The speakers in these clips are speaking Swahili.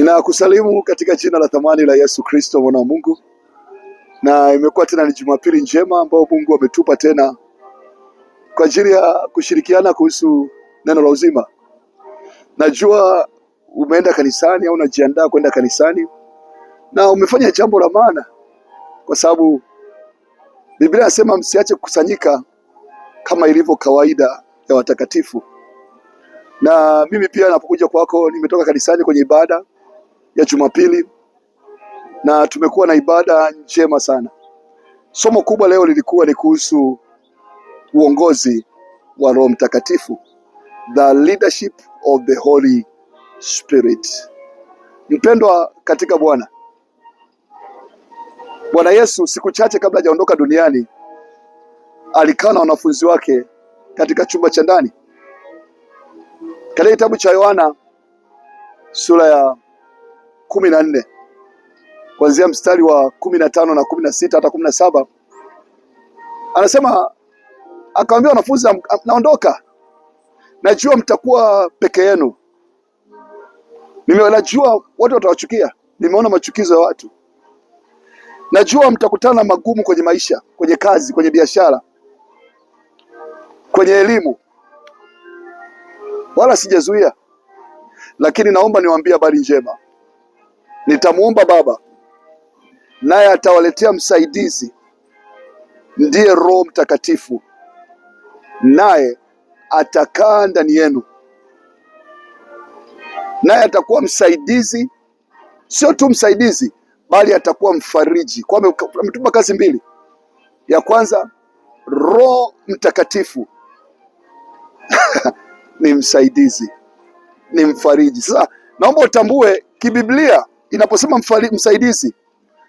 Ninakusalimu katika jina la thamani la Yesu Kristo mwana wa Mungu, na imekuwa tena ni Jumapili njema ambayo Mungu ametupa tena kwa ajili ya kushirikiana kuhusu neno la uzima. Najua umeenda kanisani au unajiandaa kwenda kanisani na umefanya jambo la maana, kwa sababu Biblia inasema msiache kukusanyika kama ilivyo kawaida ya watakatifu. Na mimi pia napokuja kwako, nimetoka kanisani kwenye ibada ya Jumapili na tumekuwa na ibada njema sana. Somo kubwa leo lilikuwa ni kuhusu uongozi wa Roho Mtakatifu, the leadership of the Holy Spirit. Mpendwa katika Bwana, Bwana Yesu siku chache kabla hajaondoka duniani alikaa na wanafunzi wake katika chumba cha ndani. Katika kitabu cha Yohana sura ya kumi na nne kuanzia mstari wa kumi na tano na kumi na sita hata kumi na saba anasema akawambia wanafunzi, naondoka, najua mtakuwa peke yenu, najua watu watawachukia, nimeona machukizo ya watu, najua mtakutana na magumu kwenye maisha, kwenye kazi, kwenye biashara, kwenye elimu, wala sijazuia, lakini naomba niwaambie habari njema Nitamwomba Baba naye atawaletea msaidizi, ndiye Roho Mtakatifu, naye atakaa ndani yenu, naye atakuwa msaidizi. Sio tu msaidizi, bali atakuwa mfariji. Kwa ametupa kazi mbili, ya kwanza Roho Mtakatifu ni msaidizi, ni mfariji. Sasa naomba utambue kibiblia inaposema msaidizi,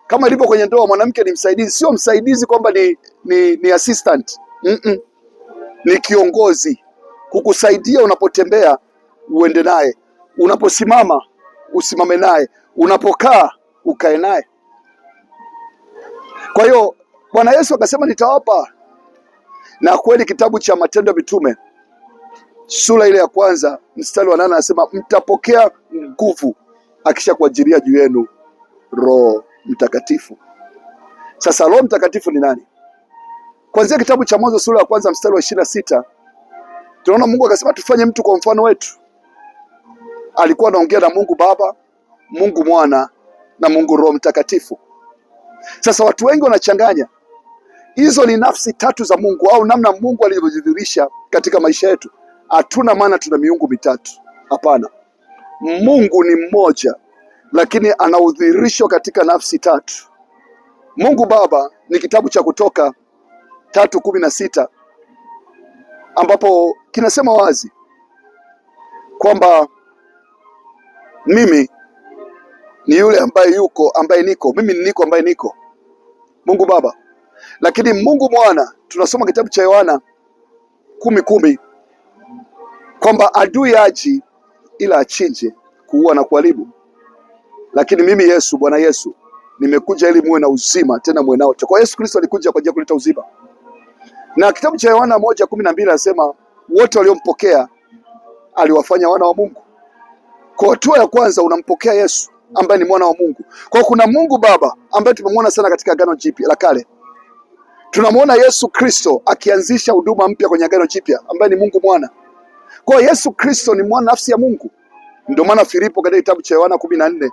kama ilivyo kwenye ndoa, mwanamke ni msaidizi, sio msaidizi kwamba ni, ni, ni assistant mm -mm. Ni kiongozi kukusaidia, unapotembea uende naye, unaposimama usimame naye, unapokaa ukae naye. Kwa hiyo Bwana Yesu akasema nitawapa, na kweli kitabu cha Matendo ya Mitume sura ile ya kwanza mstari wa nane anasema mtapokea nguvu akisha kuajiria juu yenu Roho Mtakatifu. Sasa Roho Mtakatifu ni nani? Kuanzia kitabu cha Mwanzo sura ya kwanza mstari wa ishirini na sita tunaona Mungu akasema tufanye mtu kwa mfano wetu. Alikuwa anaongea na Mungu Baba, Mungu Mwana na Mungu Roho Mtakatifu. Sasa watu wengi wanachanganya hizo ni nafsi tatu za Mungu au namna Mungu alivyojidhihirisha katika maisha yetu. Hatuna maana tuna miungu mitatu, hapana. Mungu ni mmoja, lakini anaudhirishwa katika nafsi tatu. Mungu Baba ni kitabu cha Kutoka tatu kumi na sita ambapo kinasema wazi kwamba mimi ni yule ambaye yuko ambaye niko mimi ni niko ambaye niko Mungu Baba. Lakini Mungu Mwana tunasoma kitabu cha Yohana kumi kumi kwamba adui aji ila achinje, kuua na kuharibu. Lakini mimi Yesu, Bwana Yesu, nimekuja ili muwe na uzima, tena muwe nao. Kwa Yesu Kristo alikuja kwa ajili ya kuleta uzima, na kitabu cha Yohana moja kumi na mbili anasema wote waliompokea aliwafanya wana wa Mungu. Kwa hatua ya kwanza unampokea Yesu ambaye ni mwana wa Mungu. Kwa kuna Mungu Baba ambaye tumemwona sana katika Agano Jipya la Kale, tunamwona Yesu Kristo akianzisha huduma mpya kwenye Agano Jipya ambaye ni Mungu Mwana. Kwa hiyo Yesu Kristo ni mwana nafsi ya Mungu. Ndio maana Filipo katika kitabu cha Yohana kumi na nne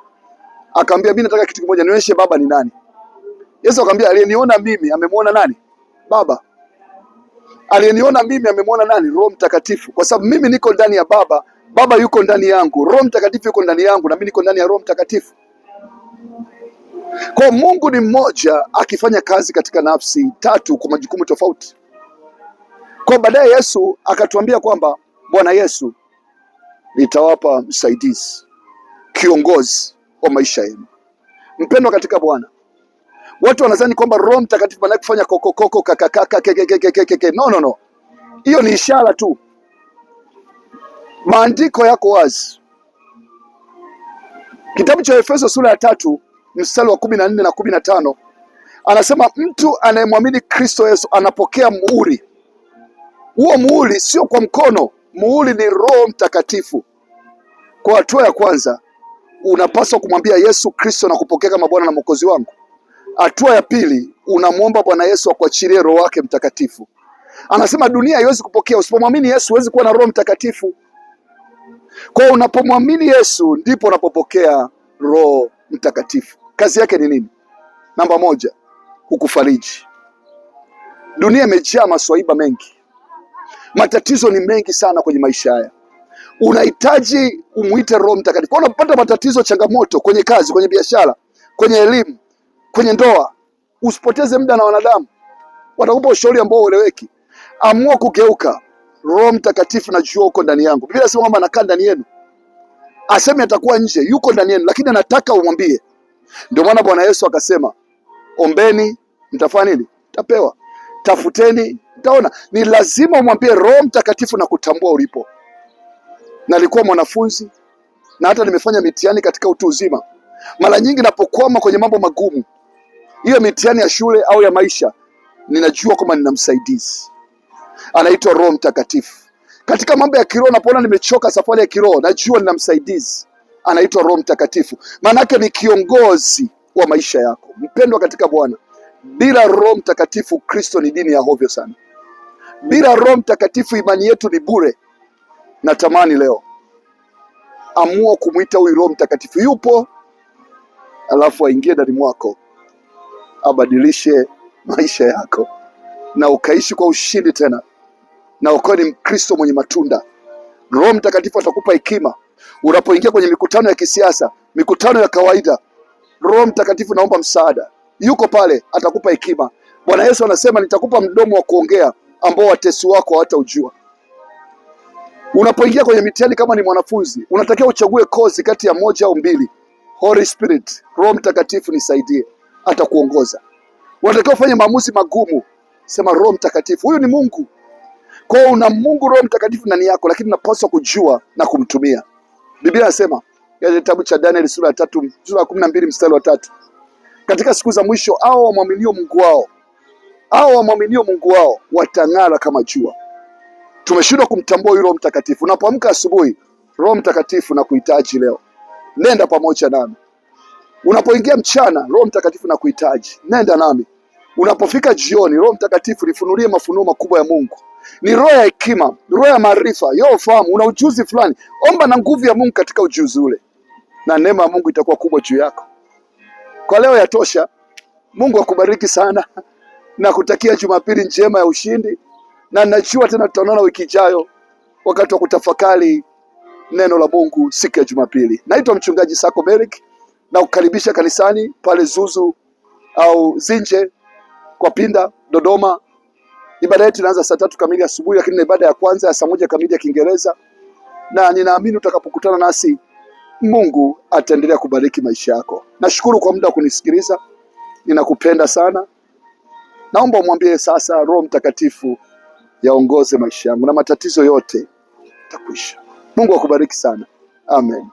akamwambia mimi nataka kitu kimoja, nionyeshe baba ni nani. Yesu akamwambia aliyeniona mimi amemwona nani? Baba. Aliyeniona mimi amemwona nani? Roho Mtakatifu, kwa sababu mimi niko ndani ya Baba, Baba yuko ndani yangu, Roho Mtakatifu yuko ndani yangu, na mimi niko ndani ya Roho Mtakatifu. Kwa Mungu ni mmoja akifanya kazi katika nafsi tatu kwa majukumu tofauti. Kwa baadaye Yesu akatuambia kwamba Bwana Yesu, nitawapa msaidizi, kiongozi wa maisha yenu. Mpendwa katika Bwana, watu wanadhani kwamba Roho Mtakatifu anaye kufanya kokokoko kakakaka kekekekeke. No, no, no, hiyo ni ishara tu. Maandiko yako wazi, kitabu cha Efeso sura ya tatu mstari wa kumi na nne na kumi na tano anasema mtu anayemwamini Kristo Yesu anapokea muhuri. Huo muhuri sio kwa mkono muhuri ni Roho Mtakatifu. Kwa hatua ya kwanza unapaswa kumwambia Yesu Kristo na kupokea kama Bwana na Mwokozi wangu. Hatua ya pili unamwomba Bwana Yesu akuachilie Roho wake Mtakatifu. Anasema dunia haiwezi kupokea. Usipomwamini Yesu huwezi kuwa na Roho Mtakatifu. Kwa hiyo unapomwamini Yesu ndipo unapopokea Roho Mtakatifu. Kazi yake ni nini? Namba moja, hukufariji. Dunia imejaa maswaiba mengi Matatizo ni mengi sana kwenye maisha haya, unahitaji umwite Roho Mtakatifu. Kwa Unapata matatizo, changamoto kwenye kazi, kwenye biashara, kwenye elimu, kwenye ndoa, usipoteze muda na wanadamu, watakupa ushauri ambao ueleweki. Amua kugeuka. Roho Mtakatifu, najua uko ndani yangu. Biblia inasema kwamba anakaa ndani yenu, aseme atakuwa nje, yuko ndani yenu, lakini anataka umwambie. Ndio maana Bwana Yesu akasema, ombeni mtafanya nini? Mtapewa, tafuteni utaona ni lazima umwambie Roho Mtakatifu na kutambua ulipo. Nalikuwa mwanafunzi na hata nimefanya mitihani katika utu uzima. Mara nyingi napokwama kwenye mambo magumu, hiyo mitihani ya shule au ya maisha, ninajua kwamba nina msaidizi anaitwa Roho Mtakatifu. Katika mambo ya kiroho, napoona nimechoka safari ya kiroho, najua nina msaidizi anaitwa Roho Mtakatifu. Maana yake ni kiongozi wa maisha yako. Mpendwa katika Bwana, bila Roho Mtakatifu, Kristo ni dini ya hovyo sana. Bila Roho Mtakatifu imani yetu ni bure. Natamani leo amua kumwita huyu Roho Mtakatifu, yupo, alafu aingie ndani mwako abadilishe maisha yako na ukaishi kwa ushindi tena, na ukawe ni Mkristo mwenye matunda. Roho Mtakatifu atakupa hekima unapoingia kwenye mikutano ya kisiasa, mikutano ya kawaida. Roho Mtakatifu, naomba msaada, yuko pale, atakupa hekima. Bwana Yesu anasema nitakupa mdomo wa kuongea ambao watesi wako hawataujua. Unapoingia kwenye mitihani kama ni mwanafunzi, unatakiwa uchague kozi kati ya moja au mbili. Holy Spirit, Roho Mtakatifu nisaidie, atakuongoza. Unatakiwa ufanye maamuzi magumu, sema Roho Mtakatifu, huyu ni Mungu. Kwa hiyo una Mungu Roho Mtakatifu ndani yako, lakini unapaswa kujua na kumtumia. Biblia inasema katika yaani kitabu cha Daniel sura ya tatu, sura ya kumi na mbili mstari wa tatu, katika siku za mwisho hao wamwaminio Mungu wao hao wamwaminio Mungu wao watang'ara kama jua. Tumeshindwa kumtambua yule mtakatifu. Unapoamka asubuhi, Roho Mtakatifu na kuhitaji leo, nenda pamoja nami. Unapoingia mchana, Roho Mtakatifu na kuhitaji, nenda nami. Unapofika jioni, Roho Mtakatifu nifunulie mafunuo makubwa ya Mungu. Ni roho ya hekima, roho ya maarifa, yo ufahamu. Una ujuzi fulani, omba na nguvu ya Mungu katika ujuzi ule, na neema ya Mungu itakuwa kubwa juu yako. Kwa leo yatosha. Mungu akubariki sana na kutakia Jumapili njema ya ushindi, na najua tena tutaonana wiki ijayo wakati wa kutafakari neno la Mungu siku ya Jumapili. Naitwa mchungaji Sako Merik na kukaribisha kanisani pale Zuzu au Zinje kwa Pinda, Dodoma. Ibada yetu inaanza saa tatu kamili asubuhi, lakini na ibada ya kwanza ya saa moja kamili ya Kiingereza, na ninaamini utakapokutana nasi Mungu ataendelea kubariki maisha yako. Nashukuru kwa muda wa kunisikiliza, ninakupenda sana. Naomba umwambie sasa, Roho Mtakatifu yaongoze maisha yangu na matatizo yote takwisha. Mungu akubariki sana, amen.